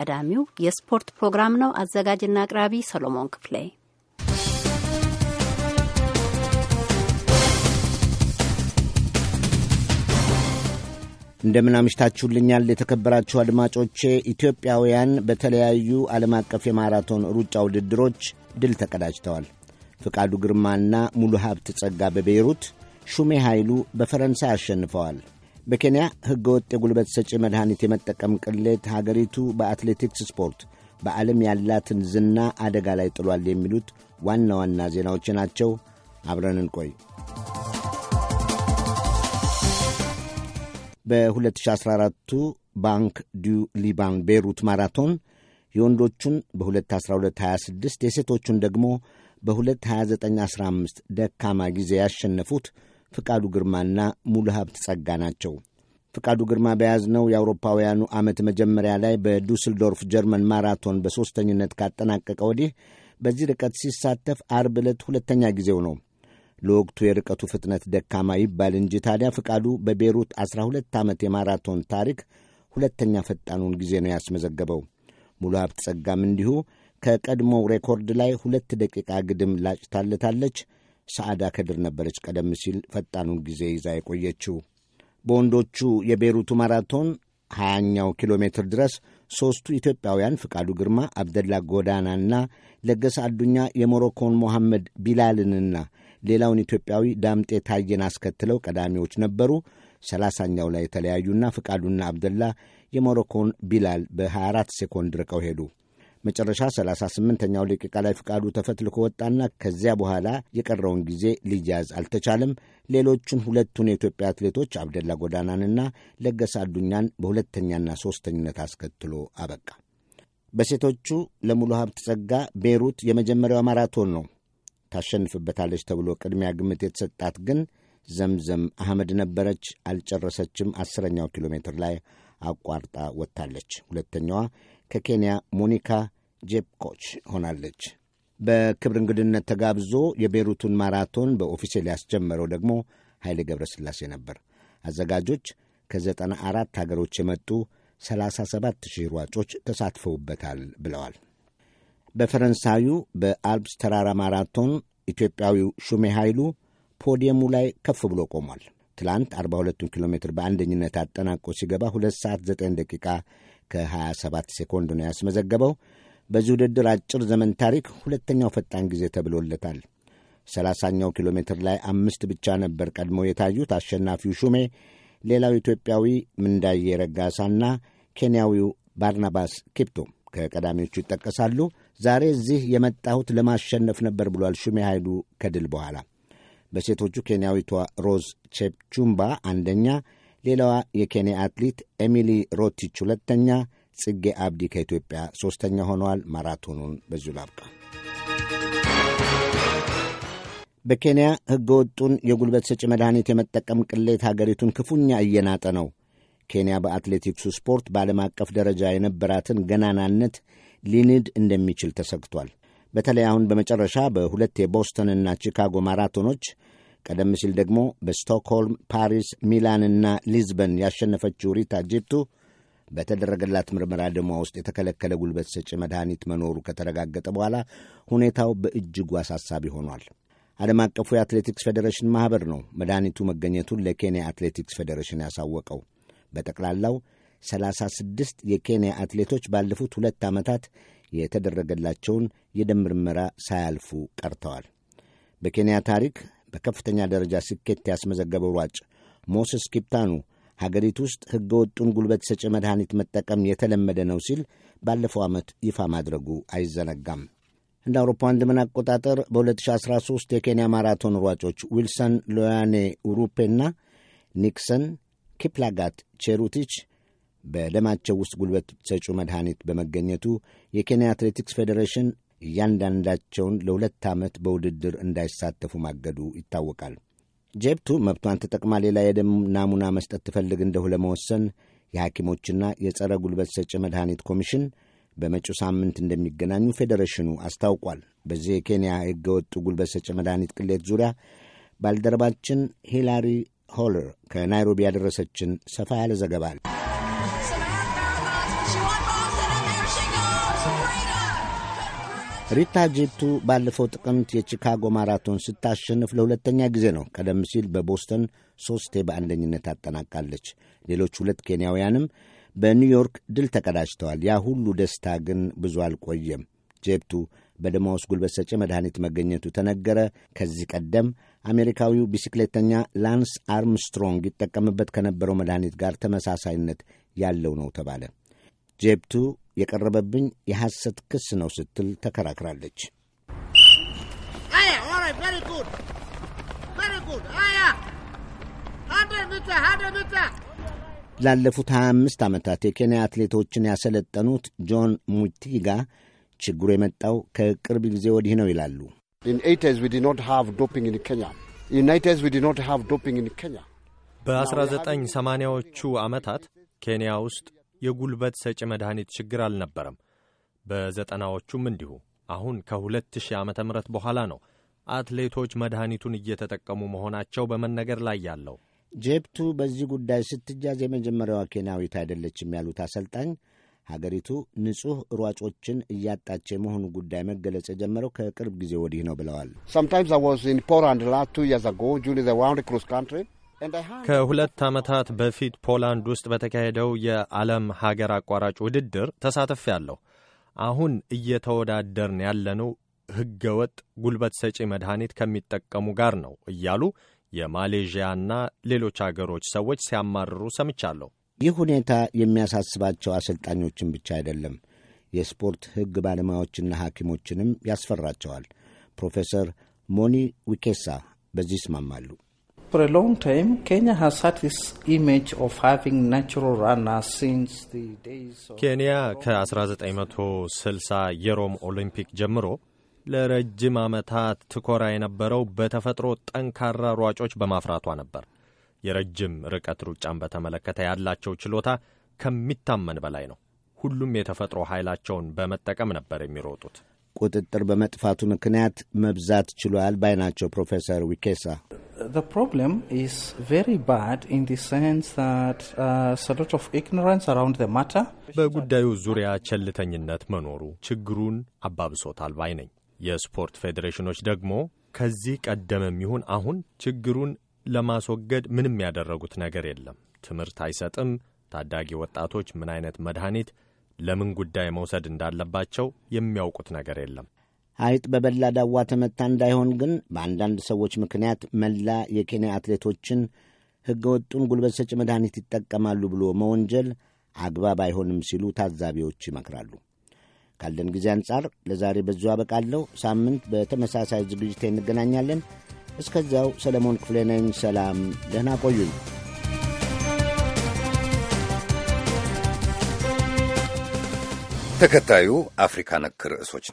ቀዳሚው የስፖርት ፕሮግራም ነው። አዘጋጅና አቅራቢ ሰሎሞን ክፍሌ እንደምን አምሽታችሁልኛል የተከበራችሁ አድማጮቼ። ኢትዮጵያውያን በተለያዩ ዓለም አቀፍ የማራቶን ሩጫ ውድድሮች ድል ተቀዳጅተዋል። ፍቃዱ ግርማና ሙሉ ሀብት ጸጋ በቤይሩት፣ ሹሜ ኃይሉ በፈረንሳይ አሸንፈዋል። በኬንያ ወጥ የጉልበት ሰጪ መድኃኒት የመጠቀም ቅሌት ሀገሪቱ በአትሌቲክስ ስፖርት በዓለም ያላትን ዝና አደጋ ላይ ጥሏል የሚሉት ዋና ዋና ዜናዎች ናቸው። አብረን እንቆይ። በ2014ቱ ባንክ ዱ ሊባን ቤይሩት ማራቶን የወንዶቹን በ21226 የሴቶቹን ደግሞ በ22915 ደካማ ጊዜ ያሸነፉት ፍቃዱ ግርማና ሙሉ ሀብት ጸጋ ናቸው። ፍቃዱ ግርማ በያዝነው የአውሮፓውያኑ ዓመት መጀመሪያ ላይ በዱስልዶርፍ ጀርመን ማራቶን በሦስተኝነት ካጠናቀቀ ወዲህ በዚህ ርቀት ሲሳተፍ አርብ ዕለት ሁለተኛ ጊዜው ነው። ለወቅቱ የርቀቱ ፍጥነት ደካማ ይባል እንጂ ታዲያ ፍቃዱ በቤሩት 12 ዓመት የማራቶን ታሪክ ሁለተኛ ፈጣኑን ጊዜ ነው ያስመዘገበው። ሙሉ ሀብት ጸጋም እንዲሁ ከቀድሞው ሬኮርድ ላይ ሁለት ደቂቃ ግድም ላጭታለታለች። ሰዓዳ ከድር ነበረች ቀደም ሲል ፈጣኑን ጊዜ ይዛ የቆየችው። በወንዶቹ የቤይሩቱ ማራቶን ሀያኛው ኪሎ ሜትር ድረስ ሦስቱ ኢትዮጵያውያን ፍቃዱ ግርማ፣ አብደላ ጎዳናና ለገሰ አዱኛ የሞሮኮን ሞሐመድ ቢላልንና ሌላውን ኢትዮጵያዊ ዳምጤ ታየን አስከትለው ቀዳሚዎች ነበሩ። ሰላሳኛው ላይ የተለያዩና ፍቃዱና አብደላ የሞሮኮን ቢላል በ24 ሴኮንድ ርቀው ሄዱ። መጨረሻ 38ኛው ደቂቃ ላይ ፍቃዱ ተፈትልኮ ወጣና ከዚያ በኋላ የቀረውን ጊዜ ሊያዝ አልተቻለም። ሌሎቹን ሁለቱን የኢትዮጵያ አትሌቶች አብደላ ጎዳናንና ለገሰ አዱኛን በሁለተኛና ሦስተኝነት አስከትሎ አበቃ። በሴቶቹ ለሙሉ ሀብት ጸጋ ቤይሩት የመጀመሪያው ማራቶን ነው። ታሸንፍበታለች ተብሎ ቅድሚያ ግምት የተሰጣት ግን ዘምዘም አህመድ ነበረች። አልጨረሰችም። አስረኛው ኪሎ ሜትር ላይ አቋርጣ ወጥታለች። ሁለተኛዋ ከኬንያ ሞኒካ ጄፕኮች ሆናለች። በክብር እንግድነት ተጋብዞ የቤሩቱን ማራቶን በኦፊሴል ያስጀመረው ደግሞ ኃይሌ ገብረ ሥላሴ ነበር። አዘጋጆች ከዘጠና አራት ሀገሮች የመጡ 37 ሺህ ሯጮች ተሳትፈውበታል ብለዋል። በፈረንሳዩ በአልፕስ ተራራ ማራቶን ኢትዮጵያዊው ሹሜ ኃይሉ ፖዲየሙ ላይ ከፍ ብሎ ቆሟል። ትላንት 42 ኪሎ ሜትር በአንደኝነት አጠናቆ ሲገባ 2 ሰዓት 9 ደቂቃ ከ27 ሴኮንድ ነው ያስመዘገበው። በዚህ ውድድር አጭር ዘመን ታሪክ ሁለተኛው ፈጣን ጊዜ ተብሎለታል። ሰላሳኛው ኪሎ ሜትር ላይ አምስት ብቻ ነበር ቀድሞ የታዩት አሸናፊው ሹሜ፣ ሌላው ኢትዮጵያዊ ምንዳዬ ረጋሳና ኬንያዊው ባርናባስ ኪፕቶ ከቀዳሚዎቹ ይጠቀሳሉ። ዛሬ እዚህ የመጣሁት ለማሸነፍ ነበር ብሏል ሹሜ ኃይሉ ከድል በኋላ። በሴቶቹ ኬንያዊቷ ሮዝ ቼፕቹምባ አንደኛ፣ ሌላዋ የኬንያ አትሌት ኤሚሊ ሮቲች ሁለተኛ ጽጌ አብዲ ከኢትዮጵያ ሦስተኛ ሆነዋል። ማራቶኑን በዚሁ ላብቃ። በኬንያ ሕገ ወጡን የጉልበት ሰጪ መድኃኒት የመጠቀም ቅሌት ሀገሪቱን ክፉኛ እየናጠ ነው። ኬንያ በአትሌቲክሱ ስፖርት በዓለም አቀፍ ደረጃ የነበራትን ገናናነት ሊንድ እንደሚችል ተሰግቷል። በተለይ አሁን በመጨረሻ በሁለት የቦስተንና ቺካጎ ማራቶኖች ቀደም ሲል ደግሞ በስቶክሆልም፣ ፓሪስ፣ ሚላንና ሊዝበን ያሸነፈችው ሪታ ጂፕቱ በተደረገላት ምርመራ ደሟ ውስጥ የተከለከለ ጉልበት ሰጪ መድኃኒት መኖሩ ከተረጋገጠ በኋላ ሁኔታው በእጅጉ አሳሳቢ ሆኗል። ዓለም አቀፉ የአትሌቲክስ ፌዴሬሽን ማኅበር ነው መድኃኒቱ መገኘቱን ለኬንያ አትሌቲክስ ፌዴሬሽን ያሳወቀው። በጠቅላላው 36 የኬንያ አትሌቶች ባለፉት ሁለት ዓመታት የተደረገላቸውን የደም ምርመራ ሳያልፉ ቀርተዋል። በኬንያ ታሪክ በከፍተኛ ደረጃ ስኬት ያስመዘገበው ሯጭ ሞሰስ ኪፕታኑ ሀገሪቱ ውስጥ ሕገ ወጡን ጉልበት ሰጪ መድኃኒት መጠቀም የተለመደ ነው ሲል ባለፈው ዓመት ይፋ ማድረጉ አይዘነጋም። እንደ አውሮፓውያን ዘመን አቆጣጠር በ2013 የኬንያ ማራቶን ሯጮች ዊልሰን ሎያኔ ኡሩፔና ኒክሰን ኪፕላጋት ቼሩቲች በደማቸው ውስጥ ጉልበት ሰጩ መድኃኒት በመገኘቱ የኬንያ አትሌቲክስ ፌዴሬሽን እያንዳንዳቸውን ለሁለት ዓመት በውድድር እንዳይሳተፉ ማገዱ ይታወቃል። ጄብቱ መብቷን ተጠቅማ ሌላ የደም ናሙና መስጠት ትፈልግ እንደሁ ለመወሰን የሐኪሞችና የጸረ ጉልበት ሰጪ መድኃኒት ኮሚሽን በመጪው ሳምንት እንደሚገናኙ ፌዴሬሽኑ አስታውቋል። በዚህ የኬንያ ህገወጡ ጉልበት ሰጪ መድኃኒት ቅሌት ዙሪያ ባልደረባችን ሂላሪ ሆለር ከናይሮቢ ያደረሰችን ሰፋ ያለ ዘገባ አለ። ሪታ ጄቱ ባለፈው ጥቅምት የቺካጎ ማራቶን ስታሸንፍ ለሁለተኛ ጊዜ ነው። ቀደም ሲል በቦስተን ሶስቴ በአንደኝነት አጠናቃለች። ሌሎች ሁለት ኬንያውያንም በኒውዮርክ ድል ተቀዳጅተዋል። ያ ሁሉ ደስታ ግን ብዙ አልቆየም። ጄፕቱ በደማውስ ጉልበት ሰጪ መድኃኒት መገኘቱ ተነገረ። ከዚህ ቀደም አሜሪካዊው ቢስክሌተኛ ላንስ አርምስትሮንግ ይጠቀምበት ከነበረው መድኃኒት ጋር ተመሳሳይነት ያለው ነው ተባለ። ጄብቱ የቀረበብኝ የሐሰት ክስ ነው ስትል ተከራክራለች። ላለፉት 25 ዓመታት የኬንያ አትሌቶችን ያሰለጠኑት ጆን ሙቲጋ ችግሩ የመጣው ከቅርብ ጊዜ ወዲህ ነው ይላሉ። በ1980ዎቹ ዓመታት ኬንያ ውስጥ የጉልበት ሰጪ መድኃኒት ችግር አልነበረም። በዘጠናዎቹም እንዲሁ። አሁን ከ ሺህ ዓመተ ምህረት በኋላ ነው አትሌቶች መድኃኒቱን እየተጠቀሙ መሆናቸው በመነገር ላይ ያለው። ጄፕቱ በዚህ ጉዳይ ስትጃዝ የመጀመሪያዋ ኬንያዊት አይደለችም ያሉት አሰልጣኝ ሀገሪቱ ንጹሕ ሯጮችን እያጣች የመሆኑ ጉዳይ መገለጽ የጀመረው ከቅርብ ጊዜ ወዲህ ነው ብለዋል። ከሁለት ዓመታት በፊት ፖላንድ ውስጥ በተካሄደው የዓለም ሀገር አቋራጭ ውድድር ያለሁ አሁን እየተወዳደርን ያለነው ሕገወጥ ጉልበት ሰጪ መድኃኒት ከሚጠቀሙ ጋር ነው እያሉ የማሌዥያና ሌሎች አገሮች ሰዎች ሲያማርሩ ሰምቻለሁ። ይህ ሁኔታ የሚያሳስባቸው አሰልጣኞችን ብቻ አይደለም፣ የስፖርት ሕግ ባለሙያዎችና ሐኪሞችንም ያስፈራቸዋል። ፕሮፌሰር ሞኒ ዊኬሳ በዚህ ይስማማሉ። ኬንያ ከ1960 የሮም ኦሊምፒክ ጀምሮ ለረጅም ዓመታት ትኮራ የነበረው በተፈጥሮ ጠንካራ ሯጮች በማፍራቷ ነበር። የረጅም ርቀት ሩጫን በተመለከተ ያላቸው ችሎታ ከሚታመን በላይ ነው። ሁሉም የተፈጥሮ ኃይላቸውን በመጠቀም ነበር የሚሮጡት። ቁጥጥር በመጥፋቱ ምክንያት መብዛት ችሏል ባይ ናቸው ፕሮፌሰር ዊኬሳ The problem is very bad in the sense that uh, a lot of ignorance around the matter. በጉዳዩ ዙሪያ ቸልተኝነት መኖሩ ችግሩን አባብሶታል ባይ ነኝ። የስፖርት ፌዴሬሽኖች ደግሞ ከዚህ ቀደምም ይሁን አሁን ችግሩን ለማስወገድ ምንም ያደረጉት ነገር የለም። ትምህርት አይሰጥም። ታዳጊ ወጣቶች ምን አይነት መድኃኒት ለምን ጉዳይ መውሰድ እንዳለባቸው የሚያውቁት ነገር የለም። አይጥ በበላ ዳዋ ተመታ እንዳይሆን ግን በአንዳንድ ሰዎች ምክንያት መላ የኬንያ አትሌቶችን ሕገወጡን ጉልበት ሰጪ መድኃኒት ይጠቀማሉ ብሎ መወንጀል አግባብ አይሆንም ሲሉ ታዛቢዎች ይመክራሉ። ካለን ጊዜ አንጻር ለዛሬ በዚሁ አበቃለሁ። ሳምንት በተመሳሳይ ዝግጅት እንገናኛለን። እስከዚያው ሰለሞን ክፍሌ ነኝ። ሰላም፣ ደህና ቆዩኝ። ተከታዩ አፍሪካ ነክ ርዕሶች